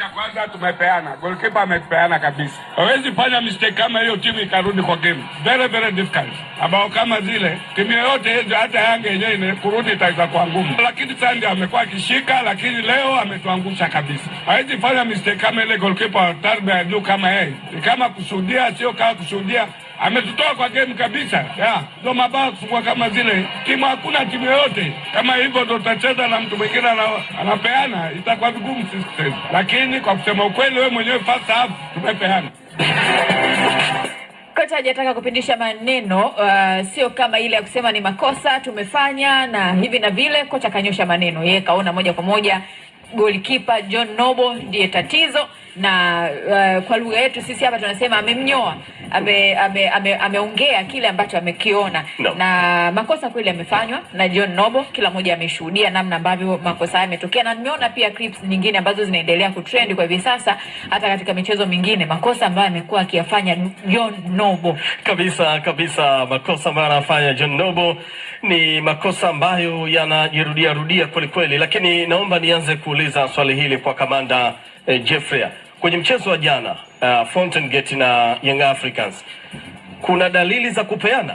cha kwanza tumepeana, goalkeeper amepeana kabisa. Hawezi fanya mistake kama hiyo, timu ikarudi kwa game, very very difficult, ambao kama zile timu yoyote hizo, hata Yanga yenyewe kurudi itaweza kuwa ngumu, lakini Sandi amekuwa akishika, lakini leo ametuangusha kabisa. Hawezi fanya mistake kama ile, goalkeeper tarbia ya juu kama yeye, ni kama kusudia, sio kama kusudia ametutoa kwa game kabisa. ndo mabao kufungua kama zile timu, hakuna timu yoyote kama hivyo ndo tutacheza na mtu mwingine anapeana, itakuwa vigumu sisi kucheza. Lakini kwa kusema ukweli, wewe mwenyewe first half tumepeana kocha hajataka kupindisha maneno uh, sio kama ile ya kusema ni makosa tumefanya na hivi na vile. Kocha akanyosha maneno, yeye kaona moja kwa moja golikipa John Nobo ndiye tatizo, na uh, kwa lugha yetu sisi hapa tunasema amemnyoa, ameongea ame, ame, ame kile ambacho amekiona no. Na makosa kweli amefanywa na John Nobo, kila mmoja ameshuhudia namna ambavyo makosa haya yametokea, na nimeona pia clips nyingine ambazo zinaendelea kutrend kwa hivi sasa, hata katika michezo mingine, makosa ambayo amekuwa akiyafanya John Nobo. Kabisa kabisa, makosa ambayo anafanya John Nobo ni makosa ambayo yanajirudia rudia kweli kweli, lakini naomba nianze kuuliza swali hili kwa kamanda eh, Jeffrey kwenye mchezo wa jana uh, Fountain Gate na Young Africans kuna dalili za kupeana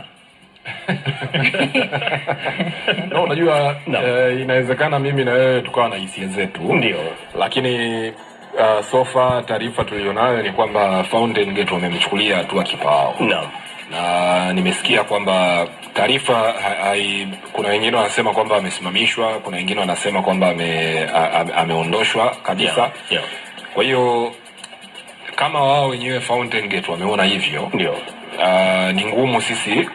no, unajua no. Eh, inawezekana mimi na wewe tukawa na hisia zetu ndio, lakini uh, eh, sofa taarifa tuliyonayo ni kwamba Fountain Gate wamemchukulia hatua kipa wao no na nimesikia kwamba taarifa kuna wengine wanasema kwamba amesimamishwa, kuna wengine wanasema kwamba ame, ameondoshwa kabisa yeah, yeah. Kwa hiyo kama wao wenyewe Fountain Gate wameona hivyo ndio Uh, ni ngumu sisi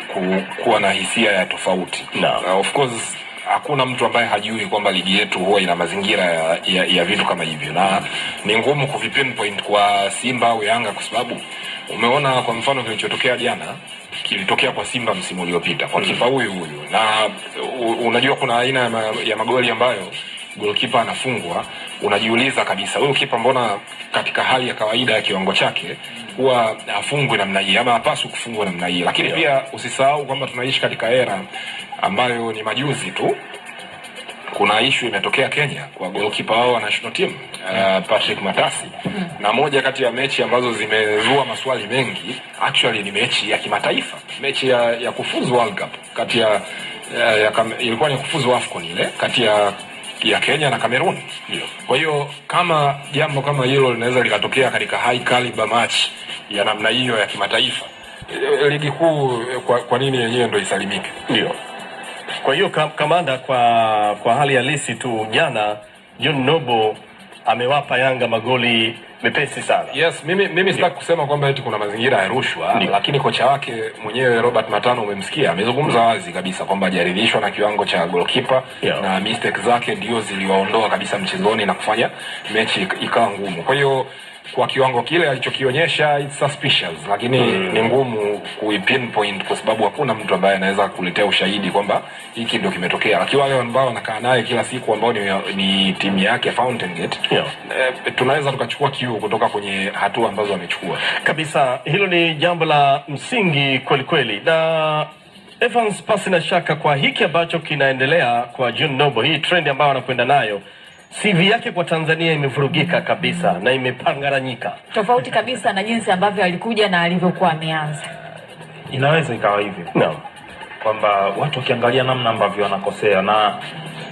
kuwa na hisia ya tofauti no. Uh, of course hakuna mtu ambaye hajui kwamba ligi yetu huwa ina mazingira ya, ya, ya vitu kama hivyo, na ni ngumu kuvipinpoint kwa Simba au Yanga kwa sababu umeona kwa mfano kilichotokea jana kilitokea kwa Simba msimu uliopita kwa hmm. kipa huyu huyu, na unajua kuna aina ya magoli ambayo golikipa anafungwa unajiuliza kabisa, huyu kipa mbona katika hali ya kawaida ya kiwango chake huwa afungwe namna hii ama hapaswi kufungwa namna hii. Lakini pia usisahau kwamba tunaishi katika era ambayo ni majuzi tu kuna ishu imetokea Kenya kwa goalkeeper wao wa national team uh, Patrick Matasi hmm. Na moja kati ya mechi ambazo zimezua maswali mengi actually ni mechi ya kimataifa, mechi ya, ya kufuzu World Cup kati ya, ya, ya ilikuwa ni kufuzu AFCON ile kati ya ya Kenya na Cameroon. Kwa hiyo kama jambo kama hilo linaweza likatokea katika high caliber match ya namna hiyo ya kimataifa, eh, ligi kuu eh, kwa, kwa nini yenyewe ndio isalimike? Ndio. Kwa hiyo kamanda, kwa kwa hali halisi tu jana John Nobo amewapa Yanga magoli mepesi sana. Yes, mimi mimi sitaki kusema kwamba eti kuna mazingira ya rushwa, lakini kocha wake mwenyewe Robert Matano umemsikia amezungumza wazi kabisa kwamba hajaridhishwa na kiwango cha goalkeeper yeah, na mistake zake ndio ziliwaondoa kabisa mchezoni na kufanya mechi ikawa ngumu. Kwa hiyo kwa kiwango kile alichokionyesha it's suspicious, lakini mm. ni ngumu kuipinpoint kwa sababu hakuna mtu ambaye anaweza kuletea ushahidi kwamba hiki ndio kimetokea, lakini wale ambao wanakaa naye kila siku ambao ni, ni timu yake Fountain Gate yeah. E, tunaweza tukachukua kiu kutoka kwenye hatua ambazo wamechukua kabisa. Hilo ni jambo la msingi kweli kweli, na Evans, pasi na shaka kwa hiki ambacho kinaendelea kwa June Noble, hii trend ambayo anakwenda nayo CV yake kwa Tanzania imevurugika kabisa na imepangaranyika, tofauti kabisa na jinsi ambavyo alikuja na alivyokuwa ameanza. Inaweza ikawa hivyo no. kwamba watu wakiangalia namna ambavyo wanakosea, na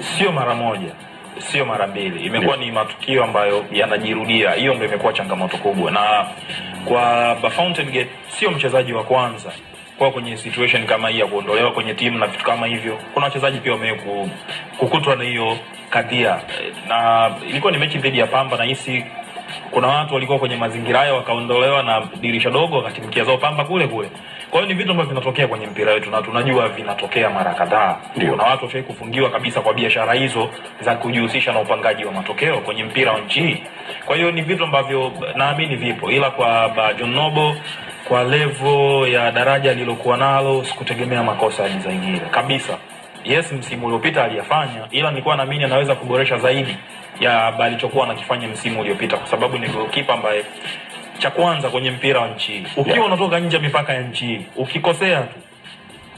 sio mara moja, sio mara mbili, imekuwa ni matukio ambayo yanajirudia. Hiyo ndio imekuwa changamoto kubwa, na kwa Bafountain Gate sio mchezaji wa kwanza kuwa kwenye situation kama hii ya kuondolewa kwenye timu na vitu kama hivyo. Kuna wachezaji pia wame kukutwa na hiyo kadhia, na ilikuwa ni mechi dhidi ya Pamba na hisi kuna watu walikuwa kwenye mazingira hayo wakaondolewa na dirisha dogo wakati wakatimkia zao Pamba kule kule. Kwa hiyo ni vitu ambavyo vinatokea kwenye mpira wetu na tunajua vinatokea mara kadhaa. Kuna watu wafai kufungiwa kabisa kwa biashara hizo za kujihusisha na upangaji wa matokeo kwenye mpira wa nchi hii. Kwa hiyo ni vitu ambavyo naamini vipo, ila kwa John Nobo kwa levo ya daraja lilokuwa nalo, sikutegemea makosa ya Inzaghi kabisa. Yes, msimu uliopita aliyafanya, ila nilikuwa naamini anaweza kuboresha zaidi ya alichokuwa anakifanya msimu uliopita, kwa sababu ni goalkeeper ambaye cha kwanza kwenye mpira wa nchi hii ukiwa yeah, unatoka nje mipaka ya nchi hii ukikosea tu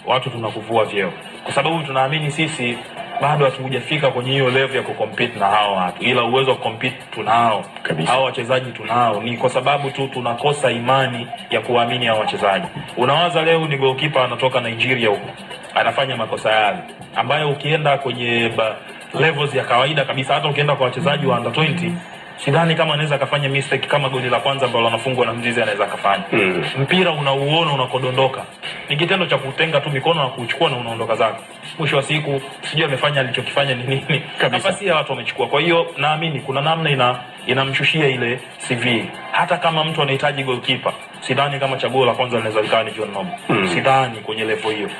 watu tunakuvua vyeo, kwa sababu tunaamini sisi bado hatujafika kwenye hiyo level ya kucompete na hao watu, ila uwezo wa compete tunao, hao wachezaji tunao. Ni kwa sababu tu tunakosa imani ya kuwaamini hao wachezaji. Unawaza leo ni goalkeeper anatoka Nigeria huko anafanya makosa yale ambayo ukienda kwenye ba, levels ya kawaida kabisa, hata ukienda kwa wachezaji wa under 20 sidhani kama anaweza akafanya mistake kama goli la kwanza ambalo anafungwa na mzizi anaweza akafanya mm. Mpira unauona unakodondoka, ni kitendo cha kutenga tu mikono na kuuchukua na unaondoka zako. Mwisho wa siku sijui amefanya alichokifanya ni nini, nafasi ya watu wamechukua. Kwa hiyo naamini kuna namna ina inamshushia ile CV. Hata kama mtu anahitaji goalkeeper, sidhani kama chaguo la kwanza linaweza likawa ni John Noble mm. Sidhani kwenye level hiyo.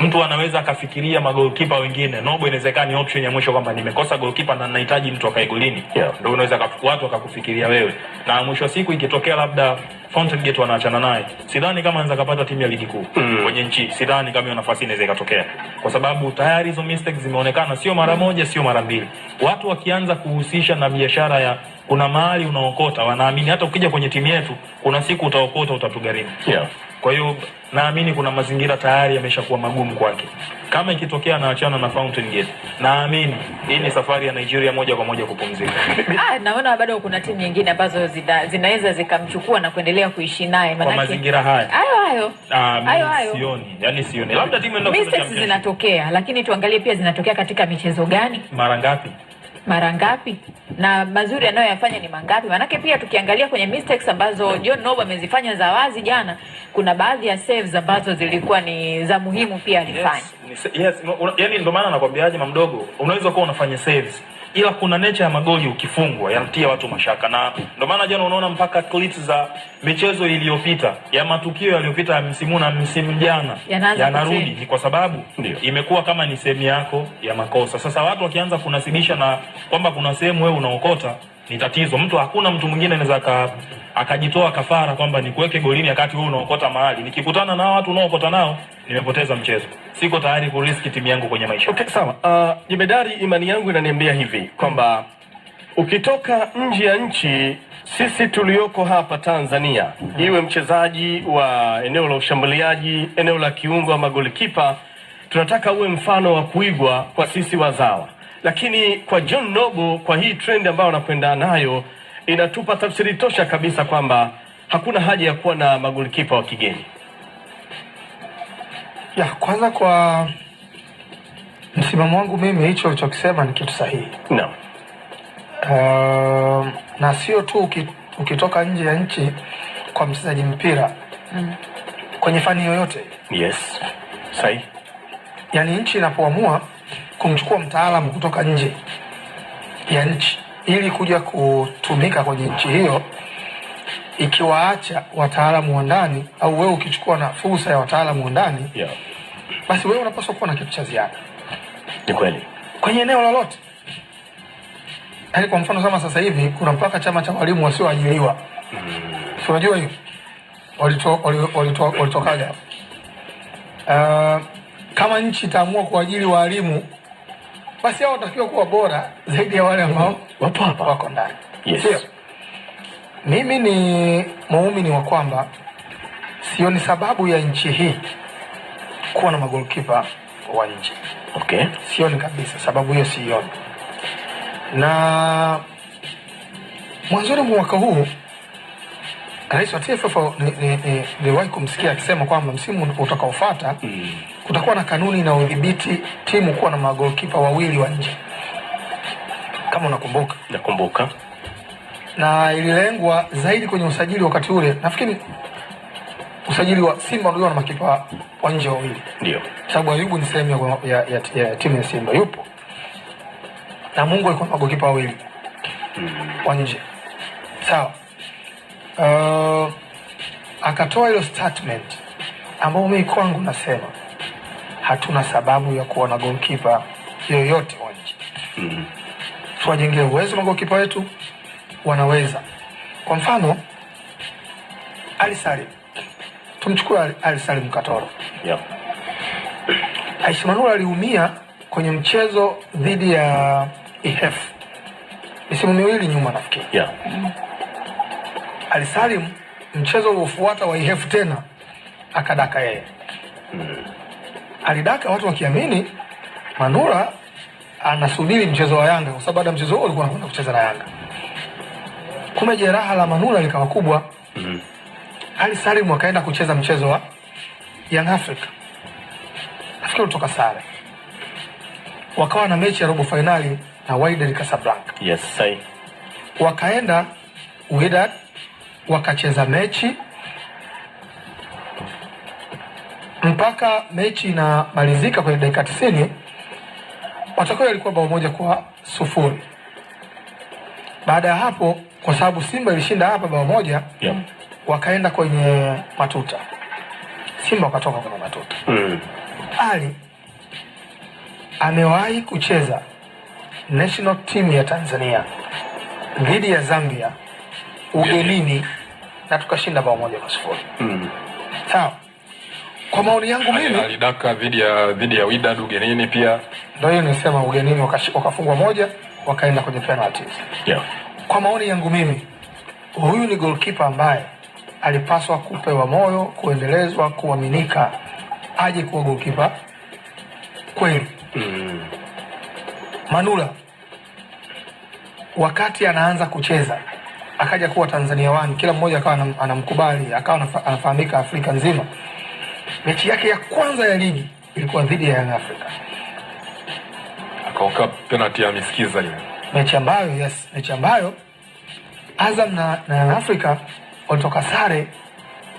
Mtu anaweza akafikiria magolkipa wengine Nobo, inawezekana ni option ya mwisho kwamba nimekosa golkipa na ninahitaji mtu akae golini, yeah. Ndio unaweza watu akakufikiria wewe, na mwisho wa siku ikitokea labda Fountain Gate wanaachana naye, sidhani kama anaweza kupata timu ya ligi kuu mm. kwenye nchi, sidhani kama hiyo nafasi inaweza ikatokea, kwa sababu tayari hizo mistakes zimeonekana, sio mara mm. moja, sio mara mbili. Watu wakianza kuhusisha na biashara ya kuna mahali unaokota, wanaamini hata ukija kwenye timu yetu kuna siku utaokota, utatugarimu yeah. Kwa hiyo naamini kuna mazingira tayari yameshakuwa magumu kwake. Kama ikitokea anaachana na Fountain Gate, naamini hii ni safari ya Nigeria moja kwa moja kupumzika. Ah, naona bado kuna timu nyingine ambazo zinaweza zikamchukua na kuendelea kuishi naye manake. Kwa mazingira haya. Hayo hayo. Ah, sioni, yani sioni. Labda timu ndio mistakes zinatokea, lakini tuangalie pia zinatokea katika michezo gani? Mara ngapi? Mara ngapi? na mazuri anayoyafanya ni mangapi? Maanake pia tukiangalia kwenye mistakes ambazo John Noble amezifanya za wazi jana, kuna baadhi ya saves ambazo zilikuwa ni za muhimu pia alifanya. Yes, yes, yani ndio maana nakwambiaje, mamdogo, unaweza kuwa unafanya saves ila kuna nature ya magoli ukifungwa yanatia watu mashaka, na ndio maana jana unaona mpaka clips za michezo iliyopita ya matukio yaliyopita ya msimu na msimu jana yanarudi, ni kwa sababu imekuwa kama ni sehemu yako ya makosa. Sasa watu wakianza kunasibisha na kwamba kuna sehemu wewe unaokota ni tatizo. Mtu hakuna mtu mwingine anaweza akajitoa kafara kwamba nikuweke golini wakati wewe unaokota mahali. Nikikutana na watu unaokota nao, nimepoteza mchezo. Siko tayari kuriski timu yangu kwenye maisha. Okay, sawa. Uh, jemedari, imani yangu inaniambia hivi kwamba ukitoka nje ya nchi, sisi tulioko hapa Tanzania, hmm, iwe mchezaji wa eneo la ushambuliaji, eneo la kiungo ama golikipa, tunataka uwe mfano wa kuigwa kwa sisi wazawa. Lakini kwa John Noble, kwa hii trend ambayo anakwenda nayo, inatupa tafsiri tosha kabisa kwamba hakuna haja ya kuwa na magolikipa wa kigeni. Ya kwanza, kwa msimamo wangu mimi, hicho ulichokisema ni kitu sahihi no. Uh, ehm, na sio tu ukitoka nje ya nchi kwa mchezaji mpira mm. kwenye fani yoyote yes. Sahihi. Yaani nchi inapoamua kumchukua mtaalamu kutoka nje ya nchi ili kuja kutumika kwenye nchi hiyo, ikiwaacha wataalamu wa ndani au wewe ukichukua na fursa ya wataalamu wa ndani yeah. Basi wewe unapaswa kuwa na kitu cha ziada. Ni kweli kwenye eneo lolote, yaani kwa mfano kama sasa hivi kuna mpaka chama cha walimu wasioajiriwa mm. unajua hiyo walitokaga walito, walito, uh, kama nchi itaamua kuajiri waalimu basi hao watakiwa kuwa bora zaidi ya wale ambao wapo hapa wako ndani. Yes. Sio. Mimi ni muumini wa kwamba sioni sababu ya nchi hii kuwa na magolikipa wa nje. Okay. Sioni kabisa sababu hiyo sioni. Na mwanzoni mwa mwaka huu rais wa TFF niliwahi kumsikia akisema kwamba msimu utakaofuata mm kutakuwa na kanuni na udhibiti timu kuwa na magolikipa wawili wa nje, kama unakumbuka. Nakumbuka. Na ililengwa zaidi kwenye usajili wakati ule, nafikiri usajili wa Simba ndio na makipa wa nje wawili, ndio sababu Ayubu ni sehemu ya, ya, ya, ya timu ya Simba yupo na Mungu alikuwa na magokipa wawili hmm. wa nje sawa. Uh, akatoa hilo statement ambayo mimi kwangu nasema hatuna sababu ya kuwa na golkipa yoyote wa nje mm -hmm. Tuwajengee uwezo goalkeeper wetu, wanaweza kwa mfano Ali Salim, tumchukue Ali Salim Katoro yep. Aishi Manula aliumia kwenye mchezo dhidi ya Ihefu misimu miwili nyuma nafikiri yeah. Mm-hmm. Ali Salim mchezo uliofuata wa Ihefu tena akadaka yeye mm alidaka watu wakiamini manula anasubiri mchezo wa Yanga kwa sababu baada mchezo huo alikuwa anakwenda kucheza na Yanga. Kumbe jeraha la manula likawa kubwa. Mm Ali Salim akaenda kucheza mchezo wa Young Africa. Nafikiri kutoka sare. Wakawa na mechi ya robo finali na Wydad Casablanca. Yes, sai. Wakaenda Wydad wakacheza mechi mpaka mechi inamalizika kwenye dakika tisini matokeo yalikuwa bao moja kwa sufuri. Baada ya hapo, kwa sababu Simba ilishinda hapa bao moja yeah. Wakaenda kwenye matuta, Simba wakatoka kwenye matuta mm. Ali amewahi kucheza national team ya Tanzania dhidi ya Zambia ugenini na tukashinda bao moja kwa sufuri mm. sawa kwa maoni yangu mimi alidaka dhidi ya dhidi ya Wydad ugenini, pia ndio hiyo nisema ugenini wakafungwa moja wakaenda kwenye penalty. Yeah. Kwa maoni yangu mimi huyu ni goalkeeper ambaye alipaswa kupewa moyo, kuendelezwa, kuaminika, aje kuwa goalkeeper kweli. Mm. Manula wakati anaanza kucheza akaja kuwa Tanzania wani, kila mmoja akawa anamkubali, akawa anafahamika Afrika nzima mechi yake ya kwanza ya ligi ilikuwa dhidi ya Young Africa, akaoka penalty ya misikiza ile mechi ambayo, yes, mechi ambayo Azam na, na Young Africa walitoka sare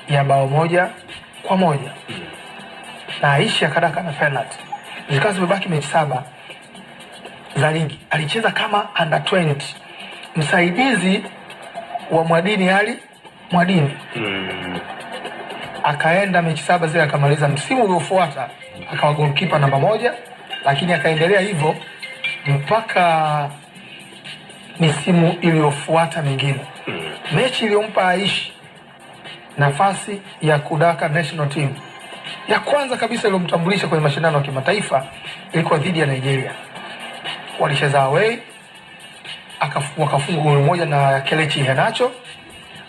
ya bao moja kwa moja na Aisha kadaka na penalty, zikawa zimebaki mechi saba za ligi. Alicheza kama under 20 msaidizi wa Mwadini Ali Mwadini mm akaenda mechi saba zile akamaliza. Msimu uliofuata akawa golkipa namba moja, lakini akaendelea hivyo mpaka misimu iliyofuata mingine. Hmm. Mechi iliyompa Aishi nafasi ya kudaka national team ya kwanza kabisa iliyomtambulisha kwenye mashindano ya kimataifa ilikuwa dhidi ya Nigeria, walicheza away, wakafungwa goli moja na Kelechi Iheanacho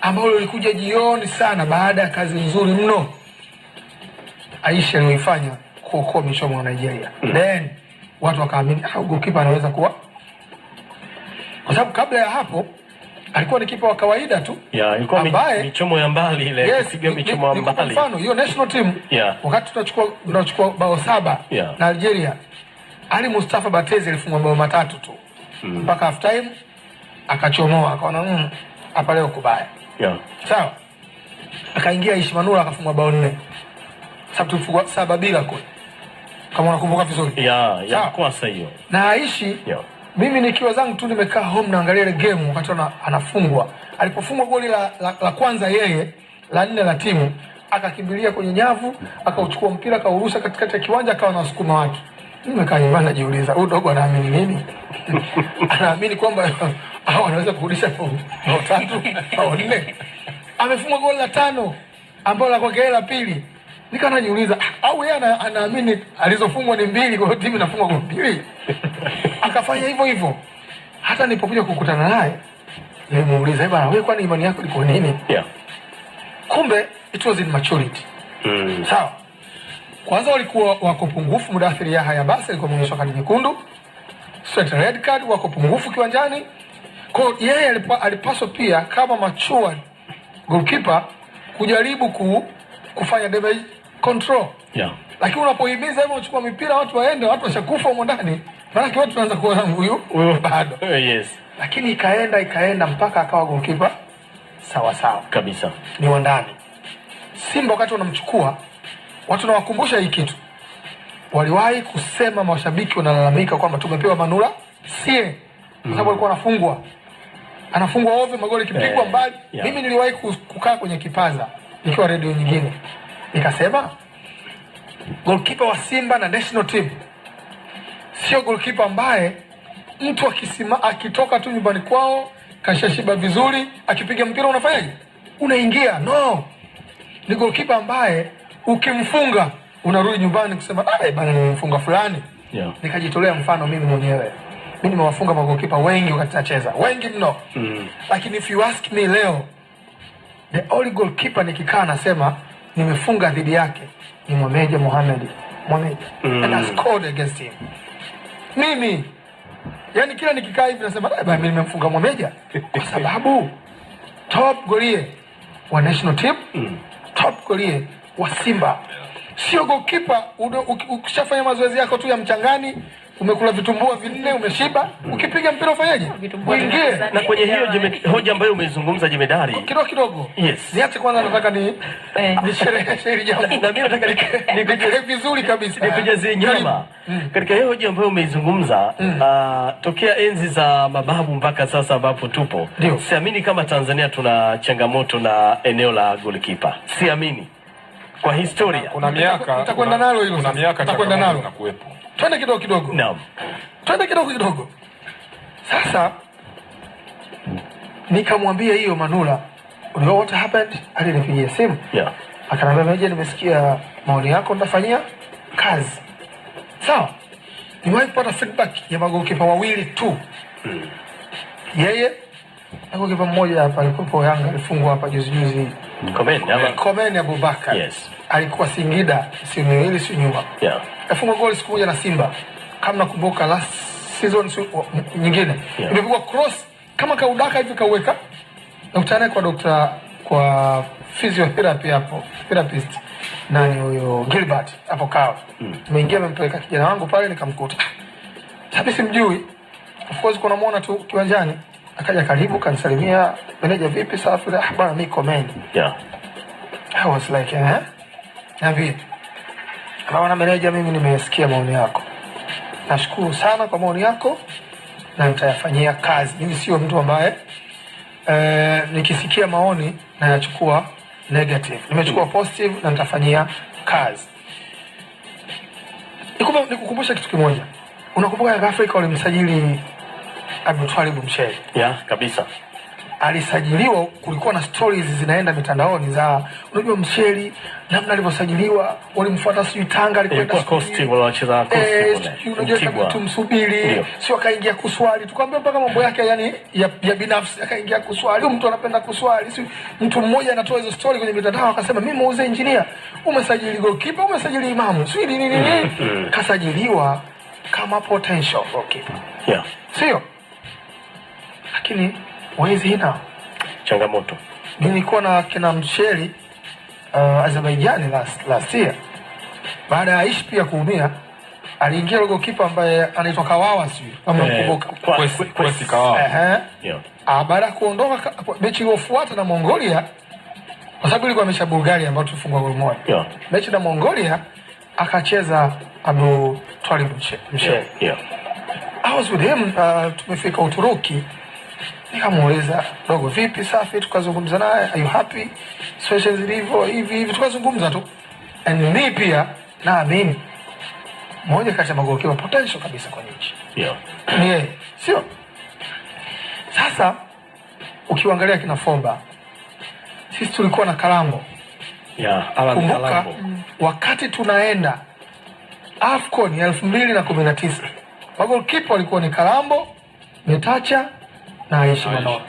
ambalo lilikuja jioni sana baada ya kazi nzuri mno Aisha aliyoifanya kuokoa michomo wa Nigeria. Mm. Then watu wakaamini ah, goalkeeper anaweza kuwa, kwa sababu kabla ya hapo alikuwa ni kipa wa kawaida tu yeah, ambaye michomo ya mbali ile yes, kupiga michomo ya mbali. Kwa mfano hiyo national team yeah, wakati tunachukua tunachukua bao saba yeah, na Algeria, Ali Mustafa Batezi alifunga bao matatu tu mm. mpaka mm, half time akachomoa akaona hmm, hapa leo kubaya yeah. Sawa, akaingia Ishmanula akafungwa bao nne saba bila goli, kama unakumbuka vizuri yeah, yeah, na Aishi yeah. Mimi nikiwa zangu tu nimekaa home naangalia ile game wakati anafungwa, alipofungwa goli la, la, la kwanza yeye la nne la timu akakimbilia kwenye nyavu akauchukua mpira akaurusha katikati ya kiwanja akawa na wasukuma wake. Nimekaa nyumbani najiuliza, huyu dogo anaamini nini? anaamini kwamba anaweza kurudisha bao tatu au nne. Amefunga goli la tano ambalo la kwake la pili. Nika najiuliza au yeye anaamini alizofungwa ni mbili, kwa hiyo timu inafungwa goli mbili. Akafanya hivyo hivyo. Hata nilipokuja kukutana naye nilimuuliza, bwana wewe, kwani imani yako iko nini? Yeah. Kumbe it was in maturity. Mm. Sawa. Kwanza walikuwa wako pungufu, mudathiri haya Basi alikuwa ameonyeshwa kadi nyekundu, straight red card, wako pungufu kiwanjani. Kwa yeye alipa, alipaswa pia kama machua goalkeeper kujaribu ku, kufanya damage control yeah. Lakini unapohimiza hivyo unachukua mipira watu waende, watu washakufa huko ndani, maana watu wanaanza kuona huyu bado yes. Lakini ikaenda ikaenda mpaka akawa goalkeeper sawa sawa kabisa, ni wa ndani. Simba wakati wanamchukua watu, nawakumbusha hii kitu, waliwahi kusema mashabiki wanalalamika kwamba tumepewa Manula sie, kwa sababu alikuwa anafungwa anafungwa ovyo, magoli kipigwa eh, mbali. yeah. Mimi niliwahi kukaa kwenye kipaza nikiwa redio nyingine, nikasema goalkeeper wa Simba na national team sio goalkeeper ambaye mtu akisima, akitoka tu nyumbani kwao kashashiba vizuri, akipiga mpira unafanyaje? Unaingia. No, ni goalkeeper ambaye ukimfunga unarudi nyumbani kusema ah, bana, nimemfunga fulani. Yeah. Nikajitolea mfano mimi mwenyewe mi nimewafunga magokipa wengi wakati nacheza, wengi mno mm. Lakini if you ask me leo, the only goalkeeper nikikaa nasema nimefunga dhidi yake ni Mohamed Mohamed Mohamed hmm. mm. against him mimi, yani kila nikikaa hivi nasema eh, mi nimemfunga mwameja kwa sababu top golie wa national team mm. top golie wa Simba sio gokipa ukishafanya mazoezi yako tu ya mchangani umekula vitumbua vinne, umeshiba, ukipiga mpira ufanyaje? Uingie. Na kwenye hiyo jime, hoja ambayo umeizungumza jemedari, kidogo kidogo, yes, niache kwanza, nataka ni eh. nishereheshe hili jambo, na mimi nataka nikuje vizuri kabisa, nikuje nyama mm. katika hiyo hoja ambayo umeizungumza. Mm. Ah, tokea enzi za mababu mpaka sasa ambapo tupo, siamini kama Tanzania tuna changamoto na eneo la golikipa, siamini kwa historia. Kuna miaka tutakwenda nalo hilo, tutakwenda nalo na kuwepo twende kidogo kidogo, naam, twende kidogo kidogo. Sasa nikamwambia hiyo Manula, you know what happened, alinipigia simu yeah, akanambia meja, nimesikia maoni yako, nitafanyia kazi. Sawa, so, niwahi kupata feedback ya magokipa wawili tu mm. yeye na gokipa mmoja hapa alikuwa Yanga, alifungwa hapa juzi juzi Komeni Abubakar, yes, alikuwa Singida, si miwili si nyuma, yeah kafunga goli siku moja na Simba kama nakumbuka last season nyingine yeah. Ilipigwa cross kama kaudaka hivi kaweka, nakutana naye kwa dokta kwa physiotherapy hapo therapist nani huyo Gilbert hapo kawa mm. Nimeingia nimempeleka kijana wangu pale nikamkuta sabi simjui, of course kuna muona tu kiwanjani, akaja karibu kanisalimia, meneja vipi, safi, ah bwana, mimi comment yeah I was like eh na vipi Naona meneja, mimi nimesikia maoni yako, nashukuru sana kwa maoni yako na nitayafanyia kazi. Mimi sio mtu ambaye e, nikisikia maoni nayachukua negative, nimechukua positive na nitafanyia kazi. Nikukumbusha kitu kimoja, unakumbuka Africa walimsajili Abdul Abdultwalib Mshele? Yeah, kabisa alisajiliwa, kulikuwa na stories zinaenda mitandaoni za unajua Msheli namna alivyosajiliwa, walimfuata sijui Tanga, alikwenda Coastal wala wacheza Coastal kule, tumsubiri sio, akaingia kuswali, tukamwambia mpaka mambo eh. yake yani ya, ya binafsi akaingia kuswali. Mtu anapenda kuswali, si mtu mmoja anatoa hizo story kwenye mitandao akasema, mimi muuze engineer, umesajili goalkeeper, umesajili imamu, sio nini nini, hmm. kasajiliwa kama potential goalkeeper, yeah, sio lakini Mwezi hina changamoto. Nilikuwa na kina Msheli uh, Azerbaijani last, last year. Baada ya Aishi pia kuumia, aliingia logo kipa ambaye anaitwa Kawawa sijui kama mkumbuka. Kawawa. Ah, baada ya kuondoka mechi iliyofuata na Mongolia kwa sababu ilikuwa mechi ya Bulgaria ambayo tulifungwa goli moja. Mechi na Mongolia akacheza Abdul Twalib Msheli. Yeah. Yeah. I was with him uh, tumefika Uturuki Nikamuuliza dogo, vipi? Safi. Tukazungumza naye, are you happy, situation zilivyo hivi hivi, tukazungumza tu. And mi pia naamini moja kati ya magokiwa potential kabisa kwa nchi ni yeye, sio? Sasa ukiangalia kina Fomba, sisi tulikuwa na Kalambo yeah, kumbuka, Kalambo mm, wakati tunaenda AFCON ya elfu mbili na kumi na tisa magolikipa walikuwa ni Kalambo, Metacha na Aisha Manota.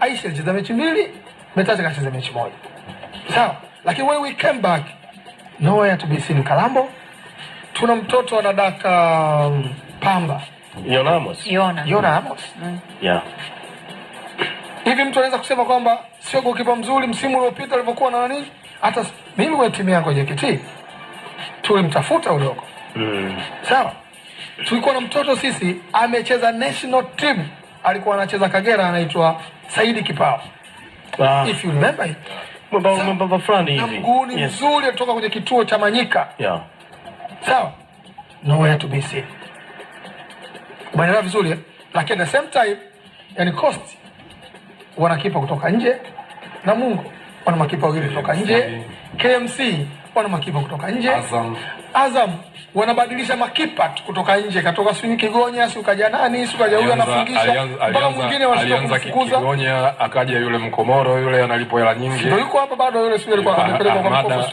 Aisha alicheza mechi mbili, Betaze kacheza mechi moja. Sawa? Lakini when we came back, Noah to be seen Kalambo. Tuna mtoto ana daka um, Pamba. Yona Amos. Yona. Yona Amos. Mm. Yeah. Hivi mtu anaweza kusema kwamba sio gokipa mzuri msimu uliopita alivyokuwa na nani? Hata mimi kwa timu yangu ya JKT tulimtafuta udogo. Mm. Sawa? Tulikuwa na mtoto sisi amecheza national team alikuwa anacheza Kagera, anaitwa Saidi Kipao, ah. if you remember it, mbamba fulani hivi, mguuni mzuri, alitoka kwenye kituo cha Manyika, sawa, way to be seen. Umeelewa vizuri, eh? lakini at the same time, yani cost wanakipa kutoka nje, na wana makipa wawili kutoka nje, KMC wana makipa kutoka nje. Azam, Azam wanabadilisha makipa kutoka nje, katoka sijui Kigonya, si ukaja nani, si ukaja huyo anafungisha mpaka mwingine wanashika kufukuza. Kigonya akaja yule Mkomoro yule analipo hela nyingi, ndio yuko hapa bado yule, sio alikuwa amepelekwa kwa Mkomoro.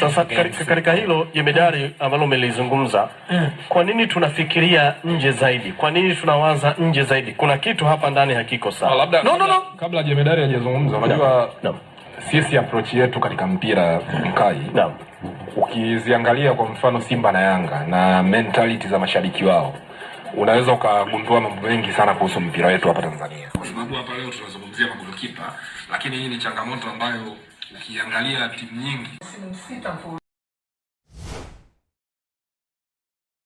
Sasa katika hilo jemedari ambalo umelizungumza, eh. kwa nini tunafikiria nje zaidi? Kwa nini tunawaza nje zaidi? Kuna kitu hapa ndani hakiko sawa. Ah, no, no, no. Kabla jemedari hajazungumza, unajua no sisi approach yetu katika mpira mkai Ukiziangalia kwa mfano Simba na Yanga na mentality za mashabiki wao, unaweza ukagundua mambo mengi sana kuhusu mpira wetu hapa Tanzania, kwa sababu hapa leo tunazungumzia mambo kipa, lakini hii ni changamoto ambayo ukiangalia timu nyingi